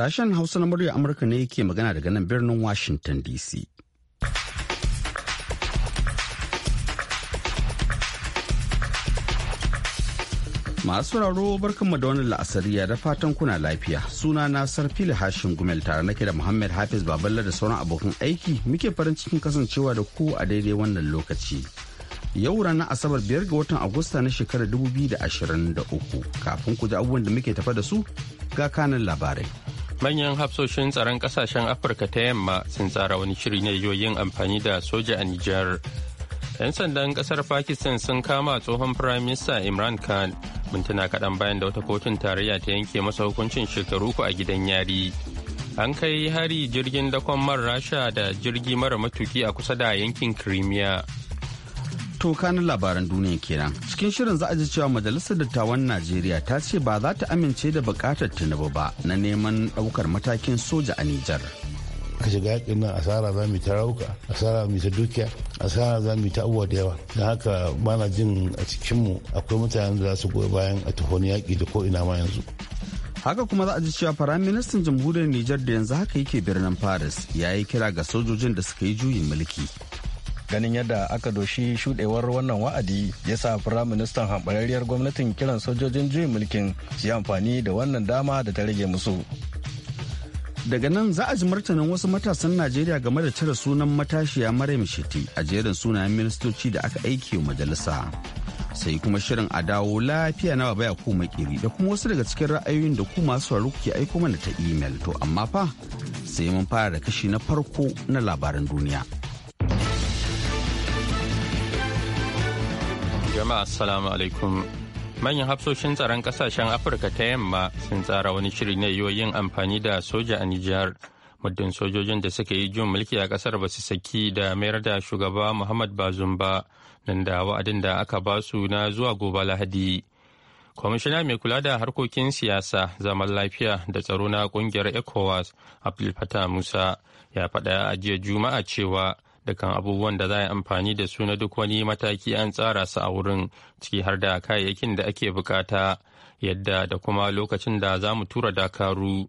Sashen Hausa na murya Amurka ne ke magana daga nan birnin Washington DC. Masu sauraro barkanmu da wani ya da fatan kuna lafiya. Suna na Sarfili Hashim Gumel tare nake da Muhammad Hafiz Baballa da sauran abokan aiki muke farin cikin kasancewa da ku a daidai wannan lokaci. Yau ranar Asabar biyar ga watan Agusta na shekarar 2023 kafin ku ji abubuwan da muke tafa da su ga kanan labarai. manyan hafsoshin tsaron kasashen afirka ta yamma sun tsara wani shiri na yoyin amfani da soja a nijar 'yan sandan kasar pakistan sun kama tsohon prime minister imran khan mintuna kaɗan bayan da wata kotun tarayya ta yanke masa hukuncin shekaru uku a gidan yari an kai hari jirgin dakon man rasha da jirgi mara matuki a kusa da yankin crimea To kanin labaran duniya kenan. Cikin shirin za a ji cewa Majalisar Dattawan Najeriya ta ce ba za ta amince da bukatar Tinubu ba na neman daukar matakin soja a Nijar. a shiga yakin nan asara za mu ta rauka asara mu ta dukiya asara za mu ta abubuwa da yawa don haka bana jin a cikinmu akwai mutanen da za su goyi bayan a tuhoni yaƙi da koina ma yanzu haka kuma za a ji cewa firaministan jamhuriyar nijar da yanzu haka yake birnin paris ya yi kira ga sojojin da suka yi juyin mulki ganin yadda aka doshi shudewar wannan wa'adi ya sa firaministan hambararriyar gwamnatin kiran sojojin juyin mulkin su yi amfani da wannan dama da ta rage musu daga nan za a ji martanin wasu matasan najeriya game da cire sunan matashiya maryam shiti a jerin sunayen ministoci da aka aiki wa majalisa sai kuma shirin a dawo lafiya na baya ko makiri da kuma wasu daga cikin ra'ayoyin da ku masu sauraro ke aiko mana ta imel to amma fa sai mun fara da kashi na farko na labaran duniya. jama'a assalamu alaikum manyan hafsoshin tsaron kasashen afirka ta yamma sun tsara wani shiri na yin amfani da soja a nijar muddin sojojin da suka yi jin mulki a kasar ba su saki da mayar da shugaba muhammad bazum ba nan da wa'adin da aka ba su na zuwa gobe lahadi kwamishina mai kula da harkokin siyasa zaman lafiya da tsaro na kungiyar ecowas Abdulfata musa ya faɗa a jiya juma'a cewa dukkan abubuwan da za a yi amfani da su na duk wani mataki an tsara su a wurin ciki har da kayayyakin da ake bukata yadda da kuma lokacin da za mu tura dakaru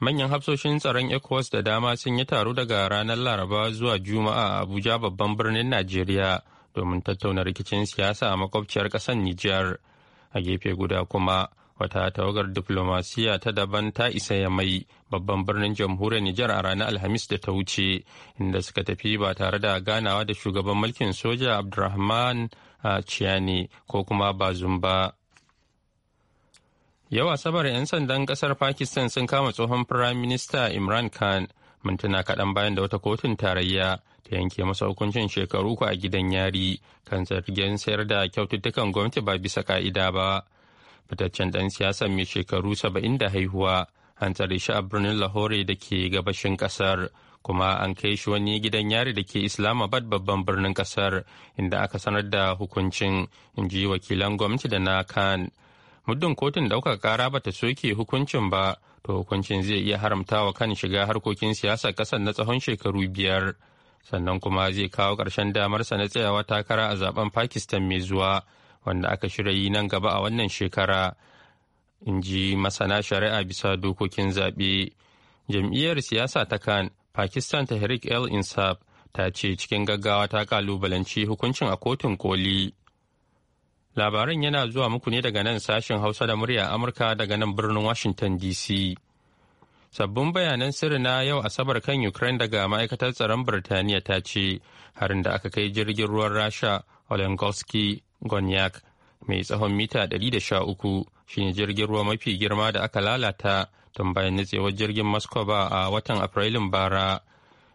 manyan hafsoshin tsaron ecowas da dama sun yi taro daga ranar laraba zuwa juma'a a abuja babban birnin najeriya domin tattauna rikicin siyasa a makwabciyar ƙasar nijar a gefe guda kuma wata tawagar diplomasiya ta daban ta isa ya mai babban birnin jamhuriyar Nijar a ranar Alhamis da ta wuce inda suka tafi ba tare da ganawa da shugaban mulkin soja Abdurrahman Chiani ko kuma Bazum ba. Yau Asabar 'yan sandan kasar Pakistan sun kama tsohon firaminista minister Imran Khan mintuna kaɗan bayan da wata kotun tarayya ta yanke masa hukuncin shekaru ku a gidan yari kan zargin sayar da kyaututtukan gwamnati ba bisa ka'ida ba. fitaccen ɗan siyasa mai shekaru saba'in da haihuwa an tsare shi a birnin lahore da ke gabashin ƙasar kuma an kai shi wani gidan yari da ke islamabad babban birnin ƙasar inda aka sanar da hukuncin in ji wakilan gwamnati da na kan muddin kotun kara ƙara ta soke hukuncin ba to hukuncin zai iya haramtawa kan shiga harkokin siyasa ƙasar na tsawon shekaru biyar sannan kuma zai kawo ƙarshen damarsa na tsayawa takara a zaben pakistan mai zuwa wanda aka shirya yi nan gaba a wannan shekara in ji masana shari'a bisa dokokin zaɓe jam'iyyar siyasa ta kan pakistan ta herik el insaf ta ce cikin gaggawa ta kalubalanci hukuncin a kotun koli labaran yana zuwa muku ne daga nan sashen hausa da murya amurka daga nan birnin washington dc sabbin bayanan sirri na yau asabar kan ukraine daga ma'aikatar tsaron birtaniya ta ce harin da aka kai jirgin ruwan rasha olengowski gonyak mai tsawon mita 113 shine jirgin ruwa mafi girma da aka lalata tun bayan nutsewar jirgin moscow a watan afrilun bara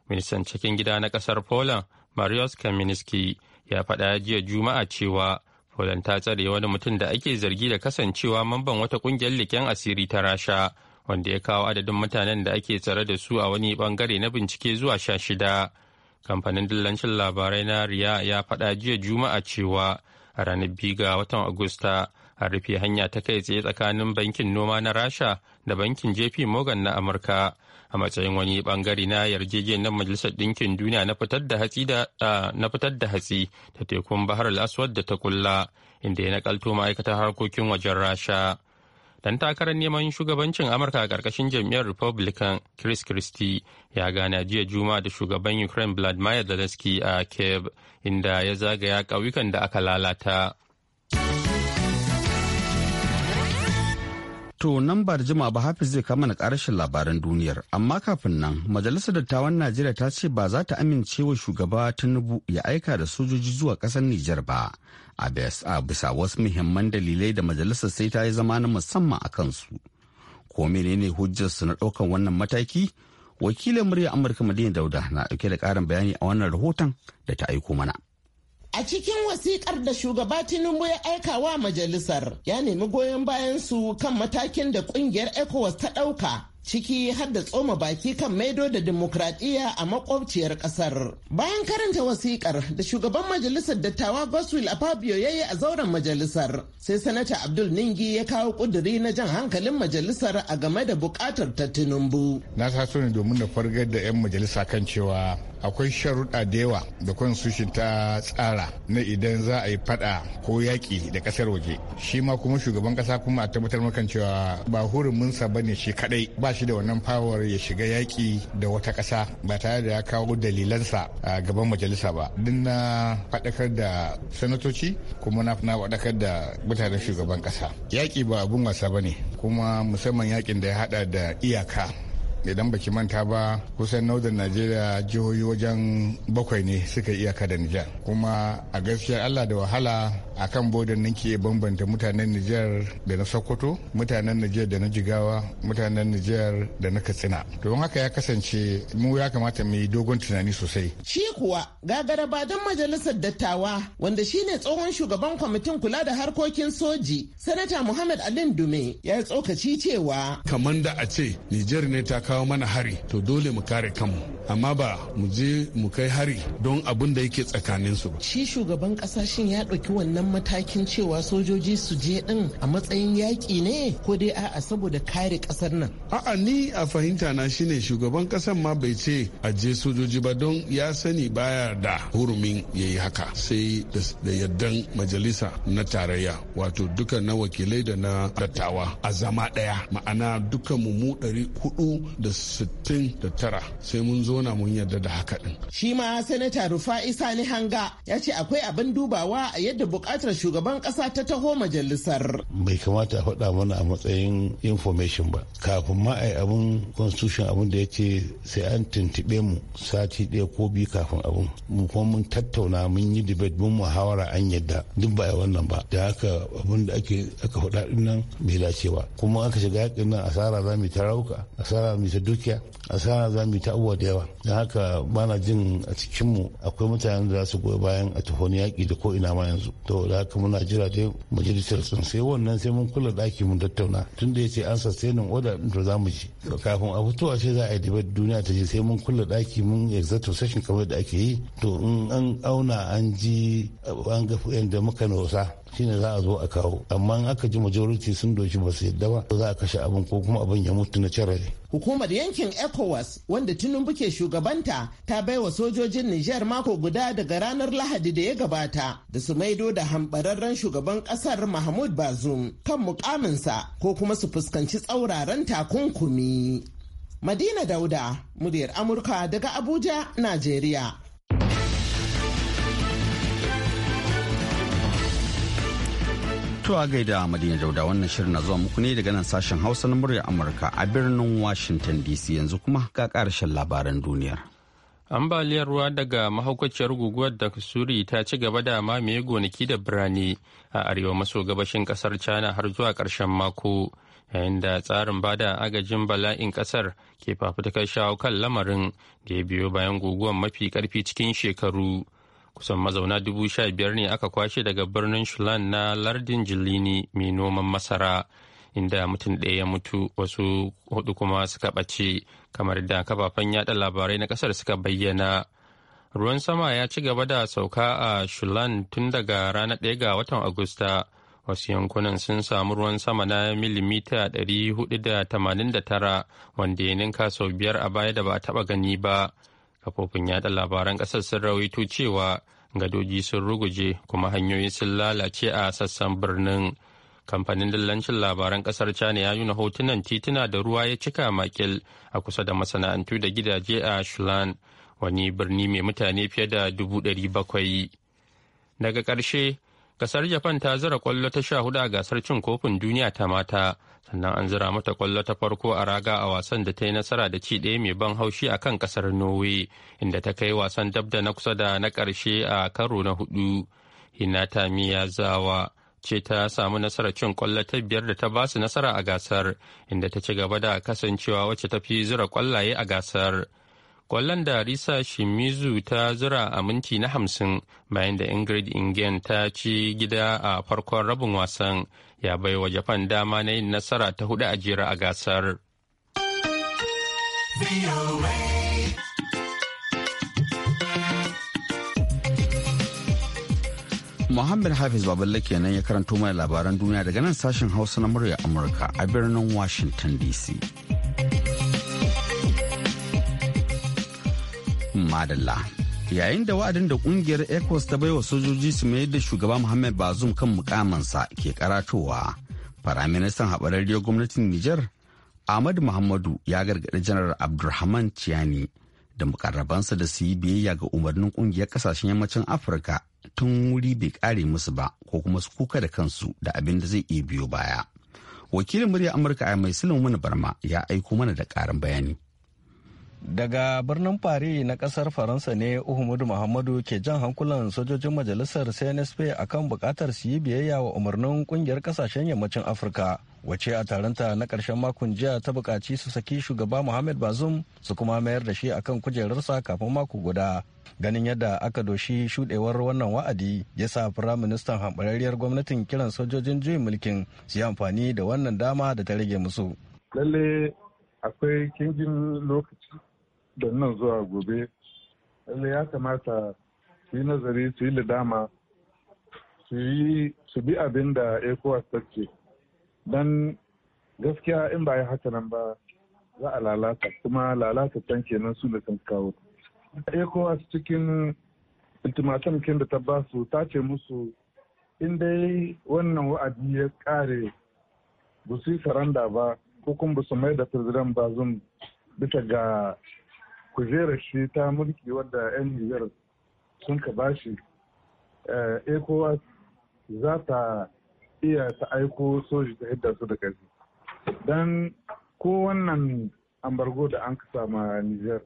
ministan cikin gida na kasar poland marius kaminski ya faɗa jiya juma'a cewa poland ta tsare wani mutum da ake zargi da kasancewa mamban wata ƙungiyar leken asiri ta rasha wanda ya kawo adadin mutanen da ake tsare da su a wani bangare na bincike zuwa sha shida kamfanin dillancin labarai na riya ya faɗa jiya juma'a cewa a ranar biyu ga watan agusta a rufe hanya ta kai tsaye tsakanin bankin noma na rasha da bankin jp morgan na amurka a matsayin wani bangare na yarjejeniyar majalisar ɗinkin duniya na fitar da hatsi ta tekun bahar al-aswad da ta kulla inda ya nakalto ma'aikatar harkokin wajen rasha dan takarar neman shugabancin amurka a ƙarƙashin jam'iyyar republican chris christie ya gane jiya juma da shugaban ukraine vladimir zelensky a kiev inda ya zagaya ƙauyukan da aka lalata To nan ba da jima ba Hafiz zai kama na ƙarashin labaran duniyar. Amma kafin nan, Majalisar Dattawan Najeriya ta ce ba za ta amince wa shugaba Tinubu ya aika da sojoji zuwa ƙasar Nijar ba. a bisa wasu muhimman dalilai da majalisar sai ta yi zama na musamman a kansu ko menene su na ɗaukan wannan mataki wakilin murya amurka madina dauda na dauke da ƙarin bayani a wannan rahoton da ta aiko mana A cikin wasikar da shugaba Tinubu ya aika wa majalisar ya nemi goyon bayan su kan matakin da ƙungiyar ECOWAS ta ɗauka ciki har da tsoma baki kan maido da demokradiyya a makwabciyar kasar. Bayan karanta wasikar da shugaban majalisar dattawa Goswil Afabio ya yi a zauren majalisar, sai sanata Abdul Ningi ya kawo kuduri na jan hankalin majalisar a game da bukatar ta Tinubu. Na taso ne domin na fargar da 'yan majalisa kan cewa akwai sharuɗa da yawa da constitution ta tsara na idan za a yi fada ko yaƙi da ƙasar waje shi ma kuma shugaban ƙasa kuma a tabbatar makan cewa ba hurumunsa ba ne shi kadai ba shi da wannan fawar ya shiga yaƙi da wata ƙasa ba tare da ya kawo dalilansa a gaban majalisa ba din na faɗakar da sanatoci kuma na faɗakar da mutanen shugaban ƙasa yaƙi ba abun wasa ba ne kuma musamman yaƙin da ya haɗa da iyaka idan baki manta ba kusan northern najeriya jihohi wajen bakwai ne suka iyaka da nijar kuma a gaskiyar allah da wahala a kan bodin nan ke bambanta mutanen Nijar da na Sokoto, mutanen Nijar da na Jigawa, mutanen Nijar da na Katsina. Don haka ya kasance mu ya kamata mu yi dogon tunani sosai. Shi kuwa gagara badan majalisar dattawa wanda shine tsohon shugaban kwamitin kula da harkokin soji, Sanata Muhammad Alin Dume ya tsokaci cewa. Kamar da a ce Nijar ne ta kawo mana hari to dole mu kare kanmu amma ba mu je mu kai hari don abin da yake tsakaninsu. Shi shugaban ƙasashen ya ɗauki wannan matakin cewa sojoji su je din a matsayin yaƙi ne ko dai a'a saboda kare ƙasar nan a'a ni a fahimta na shine shugaban ƙasar ma bai ce a je sojoji ba don ya sani baya da hurumin ya yi haka sai da yardan majalisa na tarayya wato duka na wakilai da na dattawa a zama ɗaya ma'ana duka mu tara sai mun zo na mun yarda da haka din shi ma sanata rufa'i sani hanga ya ce akwai abin dubawa a yadda bukatar bukatar shugaban kasa ta taho majalisar bai kamata a faɗa mana a matsayin information ba kafin ma ai abun constitution abun da yake sai an tuntube mu sati ɗaya ko biyu kafin abun mu kuma mun tattauna mun yi debate mun muhawara an yadda duk ba wannan ba da haka abun da ake aka faɗa din nan bai dace ba kuma aka shiga yakin nan asara za mu ta rauka asara mu ta dukiya asara za mu ta abubuwa da yawa da haka bana jin a cikinmu akwai mutanen da za su goyi bayan a tuhoni yaƙi da ko ina ma yanzu to da haka muna jira dai majalisar sun sai wannan sai mun kula daki mun tattauna tun da yace an sustaining order din to mu ji kafin a fitowa sai za a yi debate duniya ta ji sai mun kula daki mun executive session kamar da ake yi to in an auna an ji an ga yan da muka nosa shine za a zo a kawo amma in aka ji majority sun doki ba su yadda ba za a kashe abin ko kuma abin ya mutu na carare hukumar yankin ecowas wanda tinubu ke shugabanta ta baiwa sojojin niger mako guda daga ranar lahadi da ya gabata da su maido da hambararren shugaban kasar mahmud bazum kan mukaminsa ko kuma su fuskanci tsauraran takunkumi madina dauda muryar amurka daga abuja nigeria. To a gaida Madina Dauda wannan shirin na zuwa muku ne daga nan sashen Hausa na murya Amurka a birnin Washington DC yanzu kuma ga karshen labaran duniyar. Ambaliyar ruwa daga mahaukaciyar guguwar da Suri ta ci gaba da mamaye gonaki da birane a arewa maso gabashin kasar China har zuwa karshen mako yayin da tsarin bada agajin bala'in kasar ke fafutukar shawo kan lamarin da ya biyo bayan guguwar mafi karfi cikin shekaru. kusan mazauna dubu sha biyar ne aka kwashe daga birnin shulan na lardin jilini mai noman masara inda mutum ɗaya ya mutu wasu hudu kuma suka ɓace kamar da kafafen yada labarai na ƙasar suka bayyana ruwan sama ya ci gaba da sauka a shulan tun daga ranar ɗaya ga watan agusta wasu yankunan sun samu ruwan sama na milimita 489 wanda ya ninka sau biyar a baya da ba a taɓa gani ba kafofin yada labaran kasar sun rawaito cewa gadoji sun ruguje kuma hanyoyi sun lalace a sassan birnin kamfanin dillancin labaran kasar china ya nuna hotunan tituna da ruwa ya cika makil a kusa da masana'antu da gidaje a shulan wani birni mai mutane fiye da dubu ɗari bakwai daga ƙarshe Kasar Japan ta zira kwallo ta sha hudu a gasar cin kofin duniya ta mata, sannan an zira mata kwallo ta farko a raga a wasan da ta yi nasara da ci ɗaya mai ban haushi a kan kasar Norway, inda ta kai wasan dab da na kusa da na ƙarshe a karo na hudu. Hinata Miyazawa ce ta samu nasarar cin kwallo ta biyar da ta ba su nasara a gasar, inda ta ci gaba da kasancewa wacce ta fi zira kwallaye a gasar. Kwallon da Risa Shimizu ta zura a minti na hamsin bayan da Ingrid Ingen ta ci gida a farkon rabin wasan ya bai wa Japan dama na yin nasara ta hudu a jera a gasar. Muhammad Hafiz Baballe kenan ya karanto mana labaran duniya daga nan sashen Hausa na murya Amurka a birnin Washington DC. madalla yayin da wa'adin da kungiyar ecos ta baiwa sojoji su mayar da shugaba muhammad bazum kan mukamansa ke karatowa faraministan haɓararriyar gwamnatin nijar ahmad muhammadu ya gargaɗi janar abdulrahman ciyani da mukarrabansa da su yi biyayya ga umarnin kungiyar ƙasashen yammacin afirka tun wuri bai kare musu ba ko kuma su kuka da kansu da abin da zai iya biyo baya wakilin murya amurka a mai mana barma ya aiko mana da ƙarin bayani Daga birnin Paris na kasar Faransa ne Uhumudu Muhammadu ke jan hankulan sojojin majalisar CNSP akan bukatar su yi biyayya wa umarnin kungiyar kasashen yammacin Afirka. Wace a taronta na karshen makon jiya ta bukaci su saki shugaba Muhammad Bazoum su kuma mayar da shi akan kujerarsa kafin mako guda. Ganin yadda aka doshi shuɗewar wannan wa'adi ya sa firaministan hambarariyar gwamnatin kiran sojojin juyin mulkin su yi amfani da wannan dama da ta rage musu. Lalle akwai kingin lokaci da nan zuwa gobe ya kamata su yi nazari su yi lidama su bi abin da ecowas ta ce don gaskiya in ba ya haka nan ba za a lalata kuma lalata can kenan su da kan kawo ecowas cikin ultimatum kin da ta basu su ta ce musu in dai wannan wa'adi ya kare ba su yi saranda ba ko kuma ba mai da ba zun bisa ga kujerar shi ta mulki wadda 'yan Nijar sun ka bashi eh, ecowas za ta iya ta aiko soji ta hidda su da ƙarfi don ko wannan ambargo da an kasa ma niger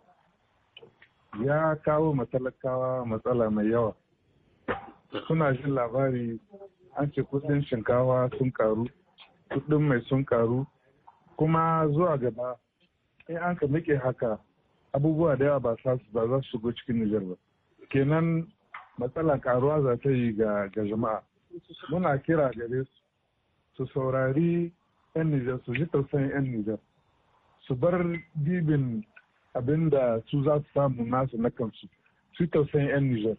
ya kawo matalakawa matsala mai yawa suna jin labari an ce kudin shinkawa sun karu kudin mai sun karu kuma zuwa gaba in an ka muke haka abubuwa da yawa ba za su shigo cikin Nijar ba. Kenan matsala karuwa za ta yi ga jama'a. Muna kira gare su su saurari 'yan Nijar su ji tausayin 'yan Nijar. Su bar bibin abin da su za su samu nasu na kansu. Su tausayin 'yan Nijar.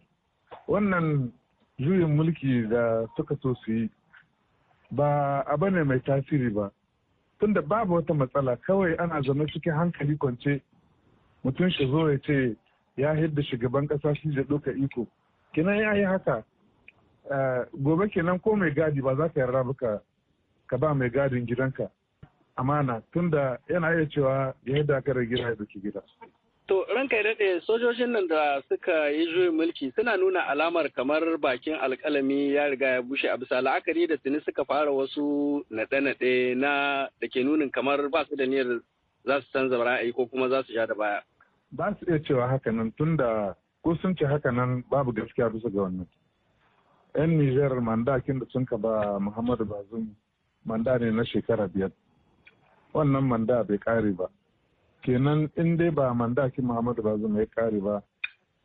Wannan juyin mulki da suka so su yi ba abu ne mai tasiri ba. Tunda babu wata matsala kawai ana zama cikin hankali kwance mutum shi zo ya ce ya hidda shugaban kasa shi da doka iko kenan ya yi haka gobe kenan ko mai gadi ba za ka yarda baka ka ba mai gadin gidanka amana tunda yana iya cewa ya yi ka gida ya doki gida To ranka daɗe sojojin nan da suka yi juyin mulki suna nuna alamar kamar bakin alkalami ya riga ya bushe a bisa la'akari da tuni suka fara wasu naɗe-naɗe na da ke nunin kamar ba su da niyyar za su canza ra'ayi ko kuma za su sha da baya. ba su iya cewa hakanan tunda ko sun ce hakanan babu gaskiya bisa ga wannan yan nijar mandakin da sun ba muhammadu bazum manda ne na shekara biyar wannan manda bai kare ba kenan in dai ba mandakin muhammadu bazum ya kare ba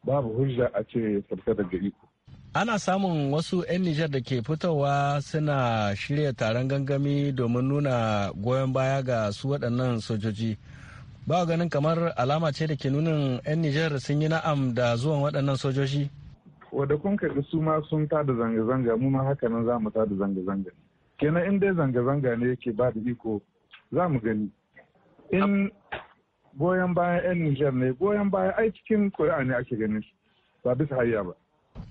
babu hujja a ce sarka daga iko ana samun wasu 'yan nijar da ke fitowa suna shirya taron gangami domin nuna goyon baya ga su waɗannan sojoji ba ganin kamar alama ce da ke nunin 'yan Nijar sun yi na'am da zuwan waɗannan sojoji? Wadda kun kaɗi su ma sun tada zanga-zanga mu ma haka nan za mu tada zanga-zanga. Kenan in dai zanga-zanga ne yake ba da iko za mu gani. In goyon bayan 'yan Nijar ne goyon bayan ai cikin Kuri'a ne ake ganin ba bisa hayya ba.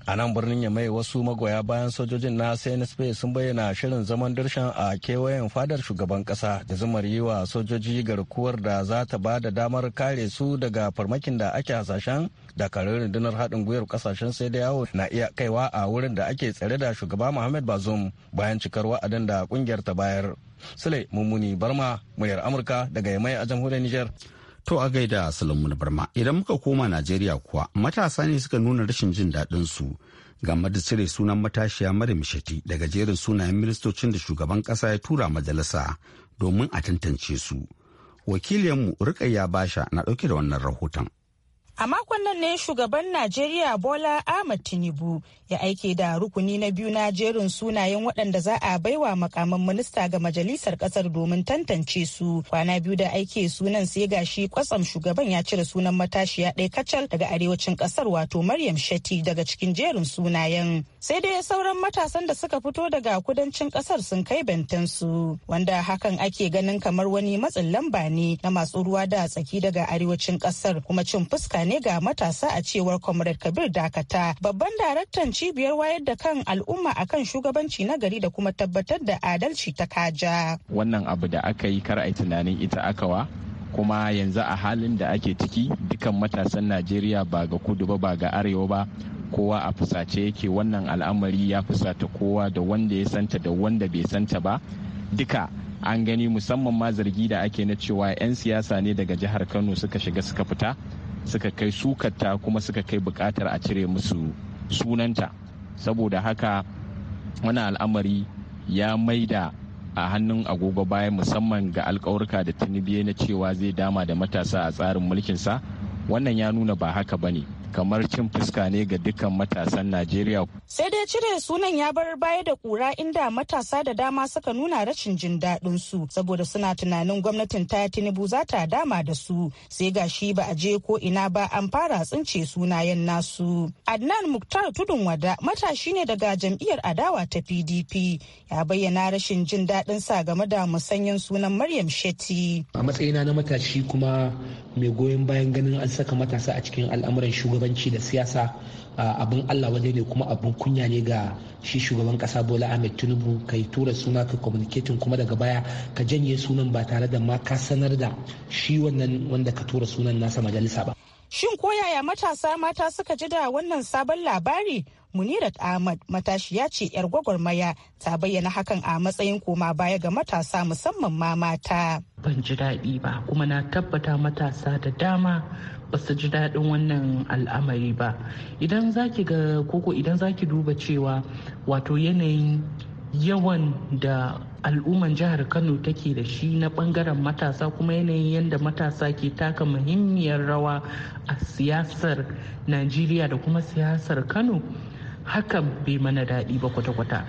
a nan birnin ya mai wasu magoya bayan sojojin na cnsp sun bayyana shirin zaman dirshan a kewayen fadar shugaban kasa da zumar yi wa sojoji garkuwar da za ta ba da damar kare su daga farmakin da ake hasashen dakarun rundunar haɗin gwiwar kasashen sai da yawo na iya kaiwa a wurin da ake tsare da shugaba muhammad bazum bayan cikar wa'adin da kungiyar ta bayar sule mummuni barma muryar amurka daga yamai a jamhuriyar niger To a gaida Salamun Barma idan muka koma Najeriya kuwa matasa ne suka nuna rashin jin daɗin su game da cire sunan matashiya mara mishati daga jerin sunayen ministocin da shugaban ƙasa ya tura majalisa domin a tantance su. Wakiliyanmu Rukayya Basha na ɗauke da wannan rahoton. A makon nan ne shugaban Najeriya Bola ahmad Tinubu ya aike da rukuni na biyu na jerin sunayen waɗanda za a baiwa makaman minista ga majalisar ƙasar domin tantance su. Kwana biyu da aike sunan sai gashi kwatsam shugaban ya cire sunan matashiya ɗaya kacal daga arewacin ƙasar wato Maryam Shetty daga cikin jerin sunayen. Sai dai sauran matasan da suka fito daga kudancin ƙasar sun kai bentansu wanda hakan ake ganin kamar wani matsin lamba ne na masu ruwa da tsaki daga arewacin ƙasar kuma cin fuska ne ga matasa a cewar Comrade Kabir Dakata, babban daraktan cibiyar wayar da kan al'umma akan shugabanci na gari da kuma tabbatar da adalci ta kaja. Wannan abu da aka yi kar a tunanin ita akawa kuma yanzu a halin da ake ciki dukan matasan najeriya ba ga kudu ba ba ga arewa ba kowa a fusace yake wannan al'amari ya fusata kowa da wanda ya santa da wanda bai santa ba duka an gani musamman ma zargi da ake na cewa 'yan siyasa ne daga jihar kano suka shiga suka fita suka kai sukatta kuma suka kai bukatar a cire musu sunanta saboda haka wani al'amari ya maida a hannun agogo bayan musamman ga alkawurka da tunibiyar na cewa zai dama da matasa a tsarin mulkinsa wannan ya nuna ba haka ba ne kamar cin fuska ne ga dukkan matasan Najeriya. Sai dai cire sunan ya bar baya da kura inda matasa da dama suka nuna rashin jin daɗin su saboda suna tunanin gwamnatin ta Tinubu za ta dama da su sai ga shi ba a je ko ina ba an fara tsince sunayen nasu. Adnan Muktar Tudun Wada matashi ne daga jam'iyyar adawa ta PDP ya bayyana rashin jin daɗin sa game da musanyen sunan Maryam Shetty. A matsayina na matashi kuma mai goyon bayan ganin an saka matasa a cikin al'amuran shugaban shugabanci da siyasa abin allah waje ne kuma abin kunya ne ga shi shugaban kasa bola ahmed tinubu ka yi tura suna ka communicating kuma daga baya ka janye sunan ba tare da ma ka sanar da shi wannan wanda ka tura sunan nasa majalisa ba shin ko yaya matasa mata suka ji da wannan sabon labari Munirat Ahmad matashiya ce 'yar gwagwarmaya ta bayyana hakan a matsayin koma baya ga matasa musamman ma mata. Ban ji daɗi ba kuma na tabbata matasa da dama ba su ji daɗin wannan al'amari ba. Idan ki ga koko idan zaki duba cewa wato yanayin yawan da al'umman jihar kano take da shi na bangaren matasa kuma yanayin yadda matasa ke taka muhimmiyar rawa a siyasar najeriya da kuma siyasar kano hakan bai mana daɗi ba kwata-kwata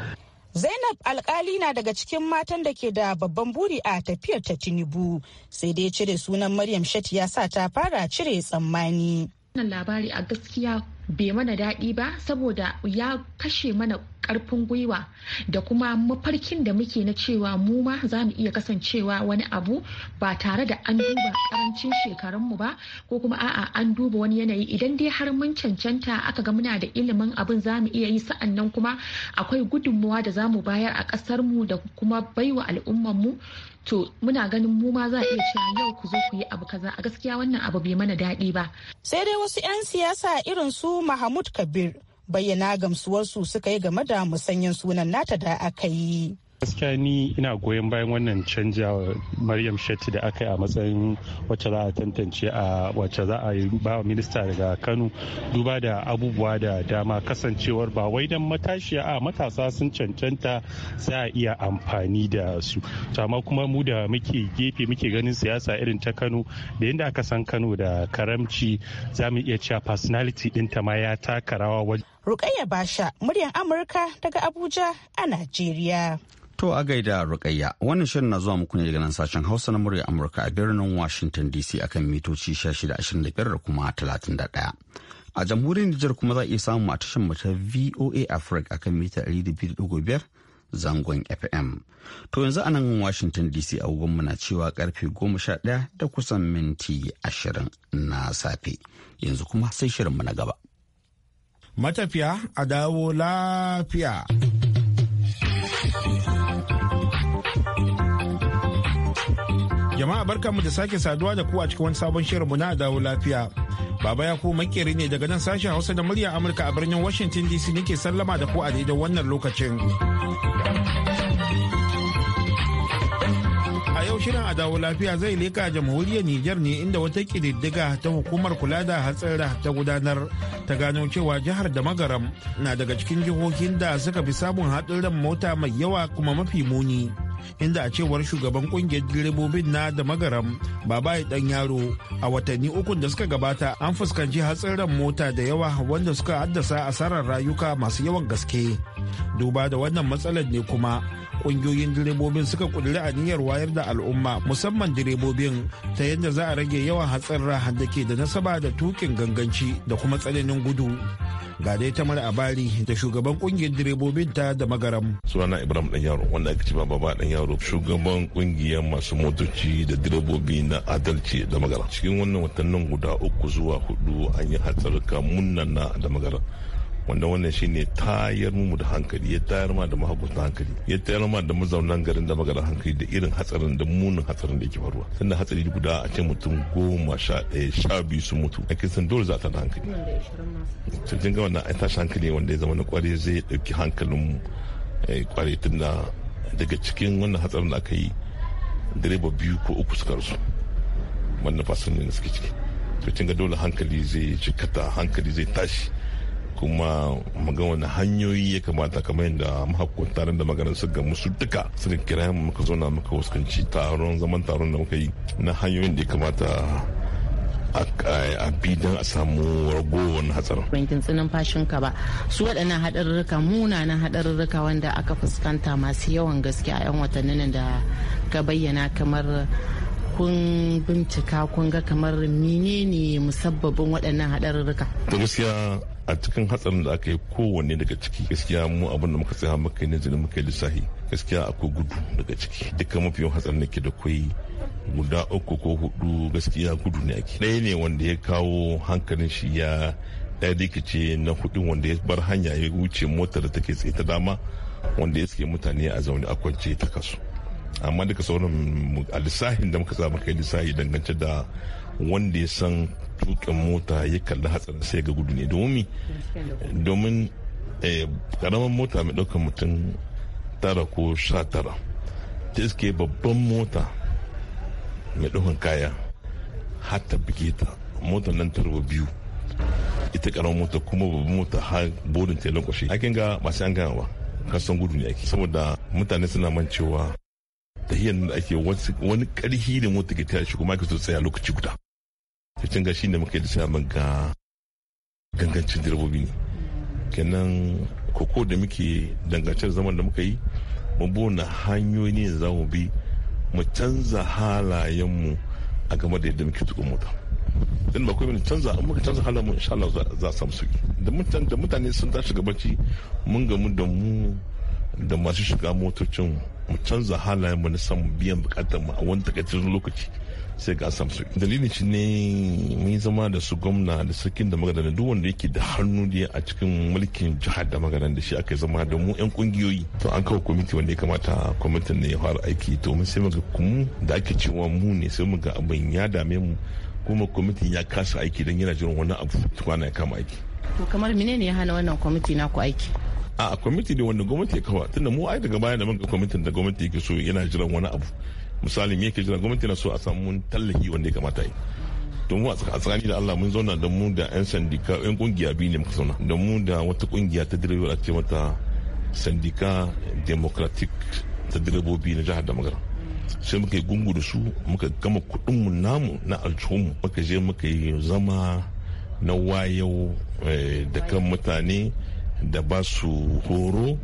Zainab alkali na daga cikin matan da ke da babban buri a tafiyar ta Tinubu sai dai cire sunan Maryam Shetty ya sa ta fara cire tsammani. Wannan labari a gaskiya bai mana daɗi ba saboda ya kashe mana karfin gwiwa da kuma mafarkin da muke na cewa mu ma za mu iya kasancewa wani abu ba tare da an duba karancin shekarunmu ba ko kuma a'a an duba wani yanayi idan dai har mun cancanta aka ga muna da ilimin abin za mu iya yi sa'an nan kuma akwai gudunmuwa da za mu bayar a ƙasar mu da kuma baiwa al'ummar mu to muna ganin mu ma za a iya cewa yau ku zo ku yi abu kaza a gaskiya wannan abu bai mana daɗi ba sai dai wasu 'yan siyasa irin su Mahmud Kabir bayyana gamsuwarsu suka yi game da musanyen sunan nata da aka yi. gaskiya ni ina goyon bayan wannan canja maryam shetty da aka yi a matsayin wacce za a tantance a wacce za a yi ba minista daga kano duba da abubuwa da dama kasancewar ba wai dan matashiya a matasa sun cancanta za a iya amfani da su amma kuma mu da muke gefe muke ganin siyasa irin ta kano da yadda aka san kano da karamci za mu iya cewa personality ɗinta ma ya taka rawa wajen Rukayya Basha, muryar Amurka daga Abuja a Najeriya. To a gaida Rukayya, wannan shirin na zuwa muku ne daga nan sashen Hausa na muryar Amurka a birnin Washington DC akan mitoci 1625 da kuma 31. A jamhuriyar Nijar kuma za a iya samun a tashar mu VOA Africa akan mita 200.5 zangon FM. To yanzu a nan Washington DC a mu na cewa karfe 11 da kusan minti 20 na safe. Yanzu kuma sai shirin mu na gaba. matafiya a dawo lafiya. Jama'a barka mu da sake saduwa da ku a cikin wani sabon mu na dawo lafiya. Baba ya ku makeri ne daga nan sashen Hausa da murya Amurka a birnin Washington DC nake sallama da ku a daidai wannan lokacin. yau shirin a dawo lafiya zai leka jamhuriyar Nijar ne inda wata kididdiga ta hukumar kula da hatsara ta gudanar ta gano cewa jihar da magaram na daga cikin jihohin da suka fi samun haɗurran mota mai yawa kuma mafi muni. inda a cewar shugaban kungiyar direbobin na da magaram babayi dan yaro a watanni uku da suka gabata an fuskanci hatsarin mota da yawa wanda suka haddasa asarar rayuka masu yawan gaske duba da wannan matsalar ne kuma kungiyoyin direbobin suka a niyyar wayar da al'umma musamman direbobin ta yadda za a rage yawan hatsarra da ke da nasaba da tukin ganganci da kuma tsananin gudu ga dai tamar abari da shugaban kungiyar direbobin ta da magaram sunana ibrahim dan yaro wanda aka ci baba dan yaro shugaban kungiyar masu motoci da direbobi na adalci da magana cikin wannan watannin guda uku zuwa hudu an yi hatsarka munana da magana wanda wannan shine tayar mu da hankali ya tayar ma da mahakunta hankali ya tayar ma da mazaunan garin da magana hankali da irin hatsarin da munin hatsarin da yake faruwa sannan hatsari guda a ce mutum goma sha ɗaya sha biyu su mutu a kisan dole za ta da hankali to ga wannan ai tashi hankali wanda ya zama na kware zai ɗauki hankalin kware eh, tun da daga cikin wannan hatsarin da aka yi direba biyu ko uku suka rasu wannan fasin ne suke ciki to kin dole hankali zai cikata hankali zai tashi kuma magan wani hanyoyi ya kamata kamar yadda mahakunta da maganar su ga musu duka su da kira muka zauna muka wasu taron zaman taron da muka yi na hanyoyin da ya kamata a bi don a samu ragowar hatsarin. Ban fashin ka ba su waɗannan haɗarurruka munanan haɗarurruka wanda aka fuskanta masu yawan gaske a 'yan watannin da ka bayyana kamar kun bincika kun ga kamar menene musabbabin waɗannan haɗarurruka. To gaskiya a cikin hatsarin da aka yi kowanne daga ciki gaskiya mu abin muka tsaya muka yi nazari muka yi lissafi gaskiya akwai gudu daga ciki duka mafi yawan hatsarin da ke da kwai guda uku ko hudu gaskiya gudu ne ake ɗaya ne wanda ya kawo hankalin shi ya ɗaya da ce na hudun wanda ya bar hanya ya wuce motar da take tsaye ta dama wanda ya tsaye mutane a zaune a kwance ta kasu amma duka sauran a lissafin da muka sa muka yi lissafi dangance da wanda ya san tukin mota ya kalli hatsarin sai ga gudu ne domin domin karamin eh, mota mai daukan mutum tara ko sha tara ta iske babban mota mai ɗaukan kaya hatta ta ta motar nan tarwa biyu ita karamin mota kuma babban mota har bodin ta kwashe akin ga masu an ba kasan gudu ne ake saboda mutane suna man cewa tahiyar da ake wani karhi da mota ke tashi kuma ake so tsaya lokaci guda kin ga da muka yi lissafin ga gangancin direbobi ne kenan koko da muke dangancar zaman da muka yi mu hanyoyi ne za mu bi mu canza halayenmu a game da yadda muke tukun mota dan ba kuma canza an muka canza halayenmu insha Allah za a samu sauki da mutane da mutane sun tashi gabanci mun gamu da mu da masu shiga motocin mu canza mu na samu biyan bukatar mu a wani takaitaccen lokaci sai ga samsu dalilin shi ne mun zama da su gwamna da sarkin da magadan duk wanda yake da hannu ne a cikin mulkin jihar da magadan da shi aka zama da mu yan kungiyoyi to an kawo kwamiti wanda ya kamata kwamitin ne ya fara aiki to mun sai muga kuma da ake cewa mu ne sai muga abin ya dame mu kuma kwamitin ya kasa aiki don yana jiran wani abu tukwana ya kama aiki to kamar menene ya hana wannan kwamiti na ku aiki a kwamiti ne wanda gwamnati ya kawa tunda mu ai daga baya da muka kwamitin da gwamnati yake so yana jiran wani abu misali me yake jira gwamnati na so a samu tallafi wanda ya kamata yi don a tsakani da Allah mun zauna da mu da yan sandika yan kungiya biyu ne muka zauna da mu da wata kungiya ta direbobi a ce mata sandika democratic ta direbobi na jihar da sai muka yi gungu da su muka gama mu namu na mu muka je muka yi zama na wayo eh, da kan mutane da ba su horo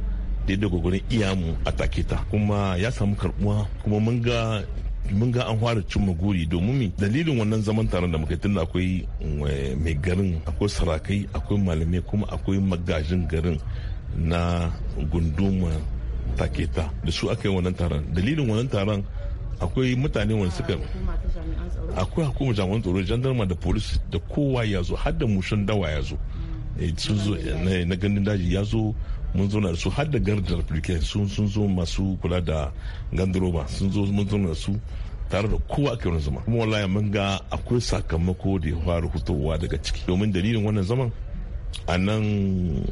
daidai gwagwarin iyamu a take ta kuma ya samu karbuwa kuma mun ga mun ga an fara cin guri domin mi dalilin wannan zaman taron da muka tunda akwai eh, mai garin akwai sarakai akwai malamai kuma akwai magajin garin na gunduma taketa da su aka yi wannan taron dalilin wannan taron akwai mutane wani suka akwai hukumar jami'an tsaro jandarma da polis da kowa ya zo har da mushin dawa ya zo eh, eh, na ganin daji ya zo mun zo su har da gardar republican sun sun zo masu kula da gandaroba sun zo mun zo su tare da kowa ake wani zama kuma wallahi mun ga akwai sakamako da ya fara fitowa daga ciki domin dalilin wannan zaman a nan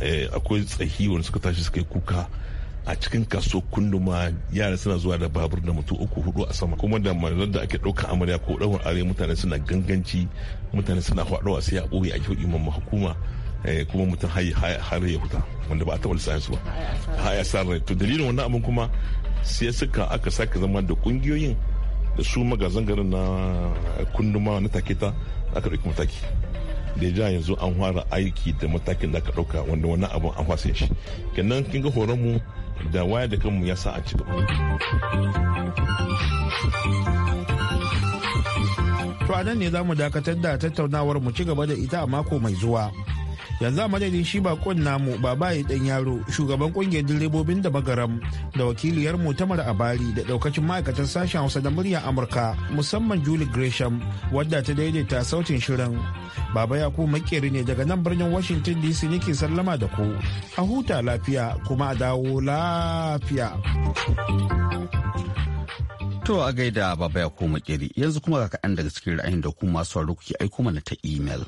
eh, akwai tsahi wanda suka tashi suka yi kuka a cikin kaso kunduma yara suna zuwa da babur da mutu uku hudu a sama kuma da malar da ake ɗauka amarya ko ɗaurin are mutane suna ganganci mutane suna faɗo a sai a ɓoye a kyau imam hukuma Eh, kuma mutum har ya huta wanda ba a taɓa lissafi ba ya sa rai to dalilin wannan abin kuma sai suka aka sake zama da kungiyoyin da su magazan garin na kunduma na taketa aka ɗauki mataki da ja yanzu an fara aiki da matakin da aka ɗauka wanda wannan abin an fasa shi kenan kin ga horon mu da waya da kanmu ya sa a ci gaba to a nan ne za mu dakatar da tattaunawar mu ci gaba da ita a mako mai zuwa yanzu a madadin shi bakon namu babaye dan yaro shugaban kungiyar direbobin da magaram da wakiliyar mu tamar abari da daukacin ma'aikatan sashen hausa da murya amurka musamman julie gresham wadda ta daidaita sautin shirin baba yaku makeri ne daga nan birnin washington dc nake sallama da ku a huta lafiya kuma a dawo lafiya To a gaida baba ya koma kiri yanzu kuma ga kaɗan daga cikin ra'ayin da kuma masu kuke aiko mana ta imel.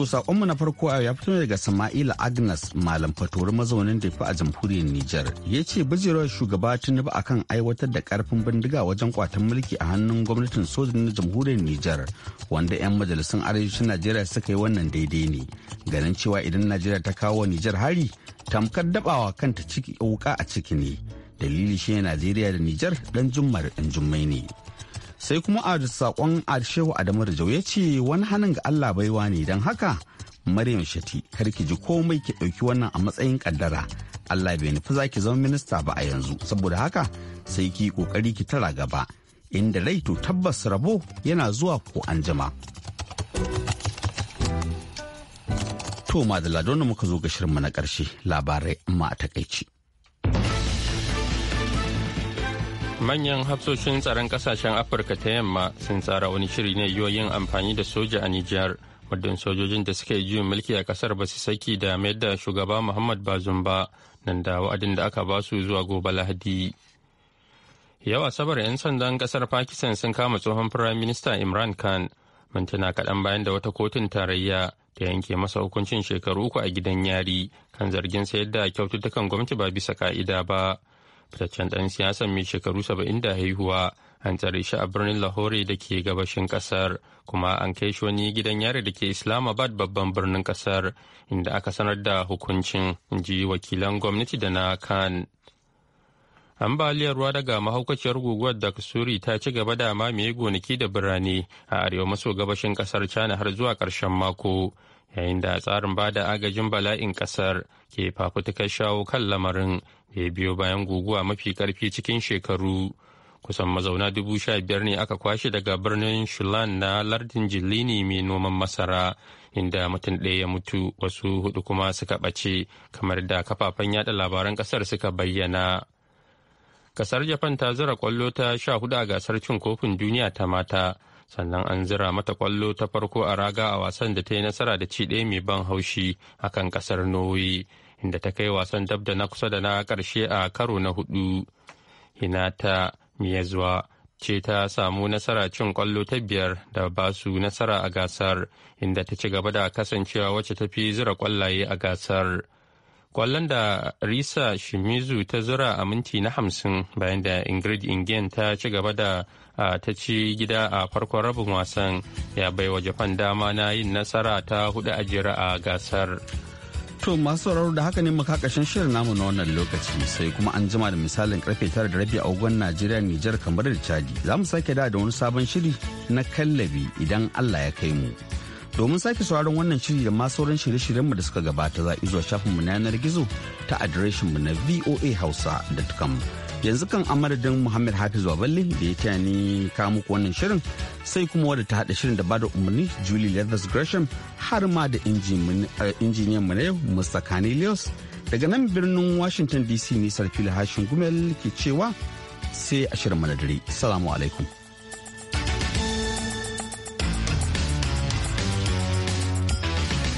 To saƙonmu na farko a ya fito daga Sama'ila Agnes Malam Fatori mazaunin Defa a jamhuriyar Nijar. Ya ce bijirar shugaba Tinubu akan aiwatar da karfin bindiga wajen kwatan mulki a hannun gwamnatin sojin na jamhuriyar Nijar wanda 'yan majalisun arewacin Najeriya suka yi wannan daidai ne. Ganin cewa idan Najeriya ta kawo Nijar hari tamkar dabawa kanta ciki wuka a ciki ne. Dalili shi Najeriya da Nijar dan jummar dan jummai ne. sai kuma a sakon arshehu adamu da ya ce wani hannun ga allah baiwa ne don haka maryam shati kar ki ji komai ki ɗauki wannan a matsayin kaddara allah bai nufi za ki zama minista ba a yanzu saboda haka sai ki kokari ki tara gaba inda rai tabbas rabo yana zuwa ko anjima. jima to madalla don muka zo ga shirinmu na ƙarshe labarai amma a takaici. manyan hafsoshin tsaron kasashen afirka ta yamma sun tsara wani shiri ne yin amfani da soja a nijar muddin sojojin da suka yi juyin mulki a kasar ba su saki da mayar da shugaba muhammad bazum ba nan da wa'adin da aka ba su zuwa gobe lahadi yau asabar 'yan sandan kasar pakistan sun kama tsohon firayim minista imran khan mintuna kaɗan bayan da wata kotun tarayya ta yanke masa hukuncin shekaru uku a gidan yari kan zargin sayar da kyaututtukan gwamnati ba bisa ka'ida ba fitaccen ɗan siyasan mai shekaru saba'in da haihuwa an tsare shi a birnin lahore da ke gabashin kasar kuma an kai shi wani gidan yari da ke islamabad babban birnin kasar inda aka sanar da hukuncin ji wakilan gwamnati da na kan ambaliyar ruwa daga mahaukaciyar guguwar da kasuri ta ci gaba da mamaye gonaki da birane a arewa maso gabashin kasar china har zuwa ƙarshen mako yayin da tsarin bada agajin bala'in kasar ke fafutukar shawo kan lamarin ya biyo bayan guguwa mafi karfi cikin shekaru kusan mazauna dubu sha biyar ne aka kwashe daga birnin shulan na lardin jilini mai noman masara inda mutum ɗaya ya mutu wasu hudu kuma suka ɓace kamar da kafafen yada labaran ƙasar suka bayyana ƙasar japan ta zira kwallo ta sha hudu a gasar cin kofin duniya ta mata sannan an zira mata kwallo ta farko a raga a wasan da ta yi nasara da ci ɗaya mai ban haushi akan ƙasar norway inda ta kai wasan dab da na kusa da na ƙarshe a karo na hudu. Hinata Miyazuwa ce ta samu nasara cin kwallo ta biyar da ba su nasara a gasar inda ta ci gaba da kasancewa wacce ta fi zura kwallaye a gasar. Kwallon da Risa Shimizu ta zura a minti na hamsin bayan da Ingrid Ingen ta ci gaba da ta ci gida a farkon rabin wasan ya baiwa Japan dama na yin nasara ta hudu a jira a gasar. To masu sauraro da haka ne muka shirin namu na wannan lokaci sai kuma an jima da misalin karfe tara da rabi a agogon Najeriya Nijar kamar da Chadi. Za mu sake da da wani sabon shiri na kallabi idan Allah ya kai mu. Domin sake sauraron wannan shiri da masu sauran shirye-shiryenmu da suka gabata za a zuwa shafinmu na yanar gizo ta adireshinmu na voahausa.com. yanzu kan amadadin muhammad hafiz baballe da ya taya ni kawo muku wannan shirin sai kuma wadda ta haɗa shirin da bada umarni julie leathers gresham har ma da eh, injiniyan mu na yau mr daga nan birnin washington dc nisar fili hashin gumel ke cewa sai a shirin mana dare salamu alaikum